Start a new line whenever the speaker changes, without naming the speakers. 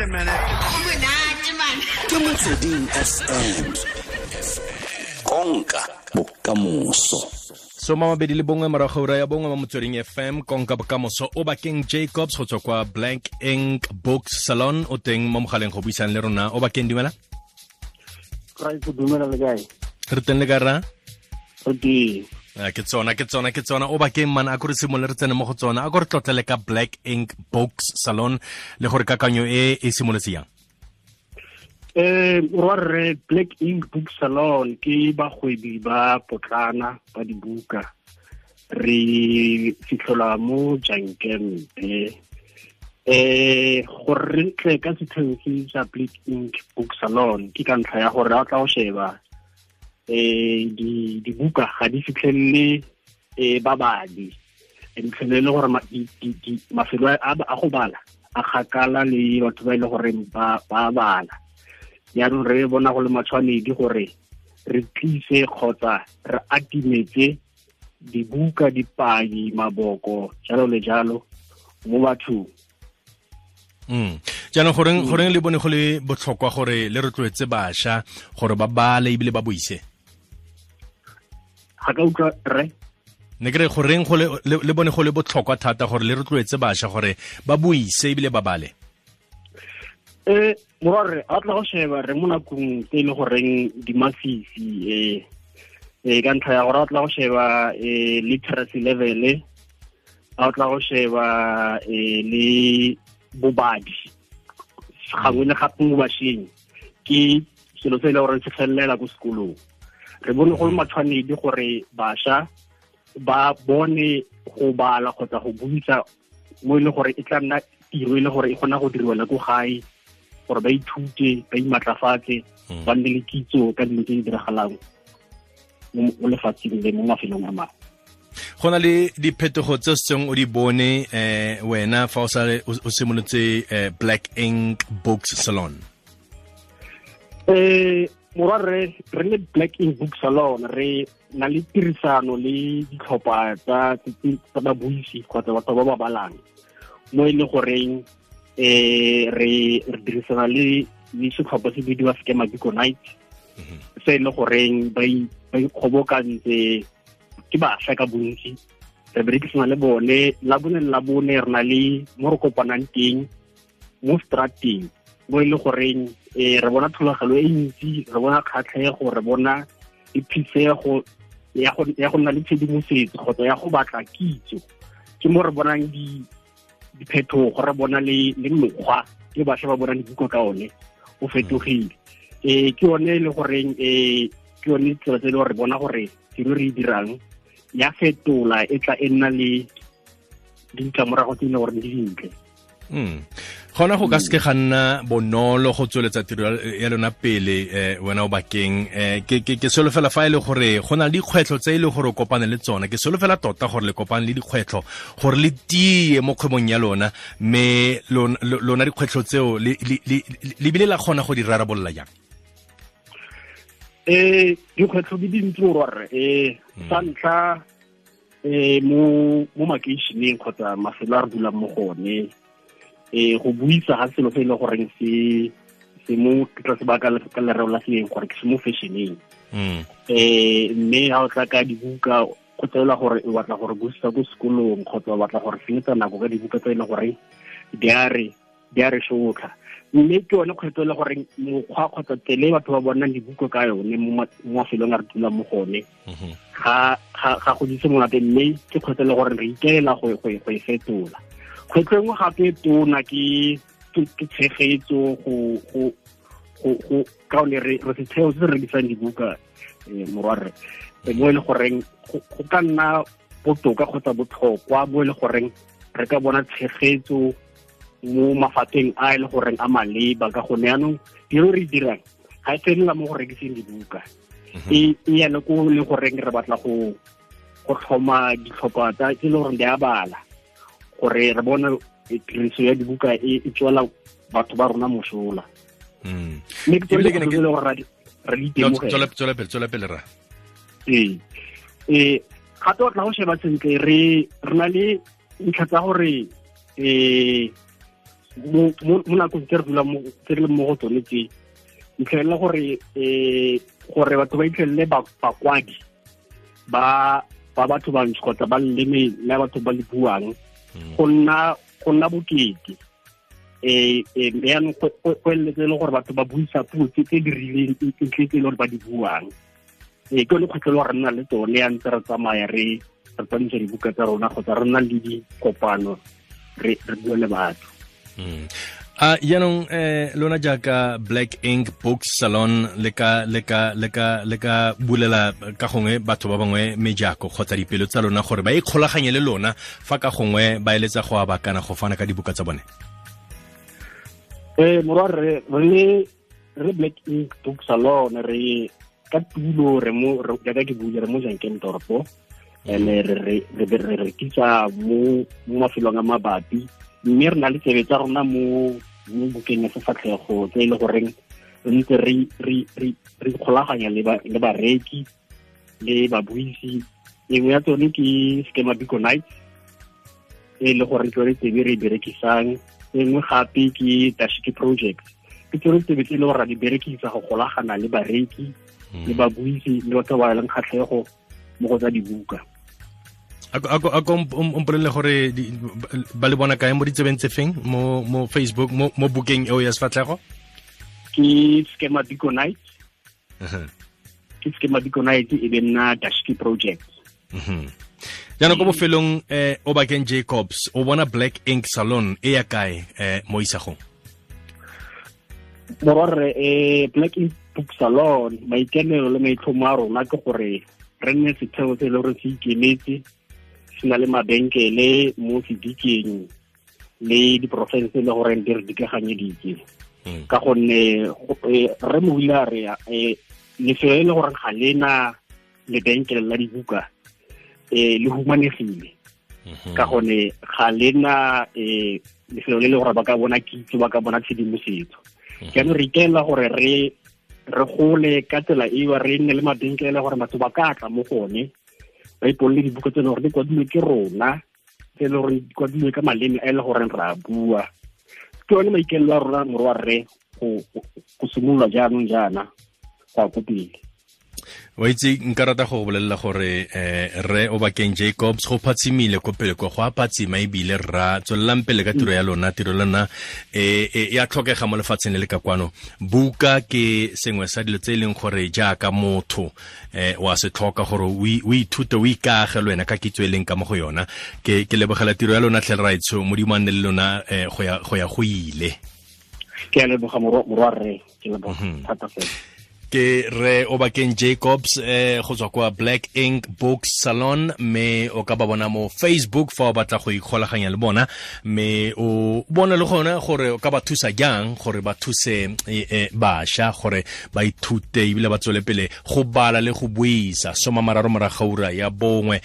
a minute. ke motsweding konka bokamoso soma mabedi le bongwe morago ura ya bongwe mo motsweding fm konka bokamoso o bakeng jacobs go tswa blank ink book salon o teng mo mogaleng go buisang le rona o bakeng dumela re teng le ka rra ke tsona ke tsona ke tsona o bakeng man a kore simolole re tsene mo go tsona a kore tlotlele ka black ink box salon le gore kakanyo e e simolotse yang
eh wa re black ink book salon ke bagwebi ba potlana ba dibuka
re
fitlhola mo jankempe um eh, gore re tle ka setheo sa black ink book salon ke ka ntlha ya gore a tla go sheba eh di di buka ga di fitlhelele eh ba badi e tlhele gore mafelo a go bala a kgakala le batho ba ile e gore ba ba bala yaanong re bona go le matshwanedi gore re tlise kgotsa re atimetse dibuka dipaki maboko jalo le jalo mo bathong
mm jaanong goreng goreng le bone go le botlhokwa gore le rotloetse bašwa gore ba bale ebile ba boise ga ka utlwa re ne kre goreng go le bone go le botlhokwa thata gore le rotloetse bašwa gore ba buise ebile ba bale
um e, morare a tla go sheba re mo nakong tse e le goreng dimasisi masisi e, um e, ka ntlha ya gore a tla go sheba um literacy level a tla go sheba um le bobadi gangwe le gape mo bašweng ke selo se e le gore se felelela ko sekolong re bone go le matshwanedi gore bašwa ba bone go bala kgotsa go buisa mo e leng gore e tla nna tiro e le gore e kgona go diriwela ko gae gore ba ithute ba imatlafatse hmm. ba nne le kitso ka dilo tse di diragalang mo lefatsheng le mo mafelong a mangwe
go na le diphetogo tse seng o di bone eh wena fa o sale o simolotse eh, black ink books salon
eh morwa re re le black in book salon re na le tirisano le ditlhopha tsa tsa babuisi kgotsa batho ba ba balang mo e le goreng eh re re dirisana le le setlhopha se bidiwa skema biko night mhm. se e le goreng ba ikgobokantse ke bašwa ka bontsi re berekisana le bone la bone la bone re na le mo re kopanang teng mo strateng mo e le goreng e re bona thulagano e ntsi re bona kgatlhego re bona e phisego ya go nna le tshedimosetso kgotsa ya go batla kitso ke mo re bonang diphetogo re bona le mekgwa ke bašwa ba bonang dibuko ka one o fetogile e ke yone e le goreng e ke yone tsela tse e le re bona gore tiro re e dirang ya fetola e tla e nna le ditlamorago tse e le gore di dintle
hmm gona go ka mm. seke ga nna bonolo go tsweletsa tiro ya lona pele eh, wena o bakeng eh, ke, ke, ke solofela fa e le gore go na le dikgwetlho tse e le gore o kopane le tsona ke solofela tota gore le kopane le dikgwetlho gore le tie mo kgwebong ya lona mme lona, dikgwetlho tseo le bile la kgona go di rarabolola jang
um dikgwetlho di dintsi rwarre eh mm. sa ntlha um mo makeišeneng kgotsa mafelo a re dulang mo gone e go buisa ga selo se e le goreng se se mo tla se baka ka lereo la seleng gore ke se mo fashioneng um mme ga o tla ka dibuka go tseela gore o batla gore busetsa ko sekolong kgotsa o batla gore fenetsa nako ka dibuka tse e le gore di a re di a re shotlha mme ke yone kgwetlho e le gore mokgwa kgotsa tsele batho ba bonang dibuka ka yone mo mafelong a re dulang mo gone mhm. ga go dise monate mme ke kgwetlho e le gore re ikelela go e fetola kgwetlho engwe gape tona ke tshegetso go ka one re setheo se se rekisang dibuka eh, morwarre eh, mo e le goreng go ka nna botoka kgotsa botlhokwa mo e le goreng re ka bona tshegetso mo mafapheng a e le goreng a maleba ka gonne yaanong tiro re dirang ga e felela mo go rekiseng dibuka mhm. e, e yana ko e le goreng re batla go tlhoma ditlhopha tsa e le goreng di a bala gore re bone tiriso ya dibuka e, e tswela batho ba rona mosola hmm. mme ra ee eh gape tla go sheba sentle re re na le ntlha tsa gore um mo nakong tse re leng mo go tsone tse ntlhelela gore eh gore batho ba itlhelele bakwadi ba ba batho bantsho kgotsa ba leleme la batho ba le buang go nna bokete um eh go eletse e le gore batho ba buisa puo tse tse di rileng tse e le gore ba di buang eh ke yone kgwetlho e gore re nna le tsone ya ntse re tsamaya re re tsamaisa dibuka tsa rona kgotsa re nna le dikopano re bue le batho
mm a uh, yaanong eh lona jaaka black ink book salon le ka le ka le ka le ka bulela ka gongwe batho ba bangwe mejako kgotsa dipelo tsa lona gore ba e ikgolaganye le lona fa ka gongwe ba eletsa go aba kana go fana ka dibuka tsa bone
eh morwa re re re black ink book salon re ka tulo re mo re ka ke bua re mo jankeng toropo mm. ene eh, re re re re kitsa mo mo mafelong a mabapi mme re na le tsebe tsa rona mo mo bukeng ya sefatlhego tse e le goreng re ntse re ikgolaganya le bareki le babuisi engwe ya tsone ke schema bico night e le gore tsone tsebe re e berekisang engwe gape ke dashiki project ke tsone tsebe tse e le gore ra di berekisa go golagana le bareki le hmm. babuisi le batho ba leng kgatlhego mo go tsa dibuka
Um, a ko mpolelele gore ba le bona kae mo ditsebeng tse feng mo facebook mo mo bukeng eo ya sefatlhego
ke schema deconite ke schema deconite e be nna dashki project
mhm. jaanong ko bofelong um eh, o bakeng jacobs o bona black ink salon e ya kae eh, um mo isagong
bororre um eh, black ink book salon maikenelo le maitlhomo a rona ke gore re nne setheo se e le gore se ikemetse se na le mabenkele mo sedikeng le di diporofense le gore di re dikaganye dike mm. ka gonne eh, re mo mohula re eh, lefelo e le gore ga lena lebenkele la dibuka um le humanegile mhm. ka gonne ga lena um lefelo le le gore ba ka bona kitso ba ka bona tshedimosetso mhm. jaanong re ikaelela gore re re gole ka tsela eo re nne le mabenkele gore batho ba ka tla mo gone ba ipolle dibuka tse gore di kwadilwe ke rona tse le gore di kwadilwe ka maleme a e le goreng re a bua ke yone maikelelo a rona more wa rre go simolola jaanong jaana go a kopele
wa itse nka rata go bolelela gore eh, re o bakeng jacobs go phatsimile ko pele go a phatsima ebile rra tswelelang pele ka tiro ya lona tiro lona e eh, ya e tlhokega mo lefatsheng le le ka kwano buka ke sengwe sa dilo tse e leng gore jaaka motho eh, wa se tlhoka gore o ithute o ikage le wena ka kitso e leng ka mo go yona ke, ke lebogela tiro ya lona tlhele raitsho modimo a nne le lona eh, go ya go ile ke a
leboga morwa rre ke leboga mhm. thata fela
ke re o bakeng jacobs eh go tswa kwa black ink book salon me o ka ba bona mo facebook fa o batla go ikgolaganya le bona me o bona le gona gore o ka ba thusa jang gore ba thuse eh, eh, bašwa gore ba ithute ebile ba tswele pele go bala le go buisa mara gaura ya bongwe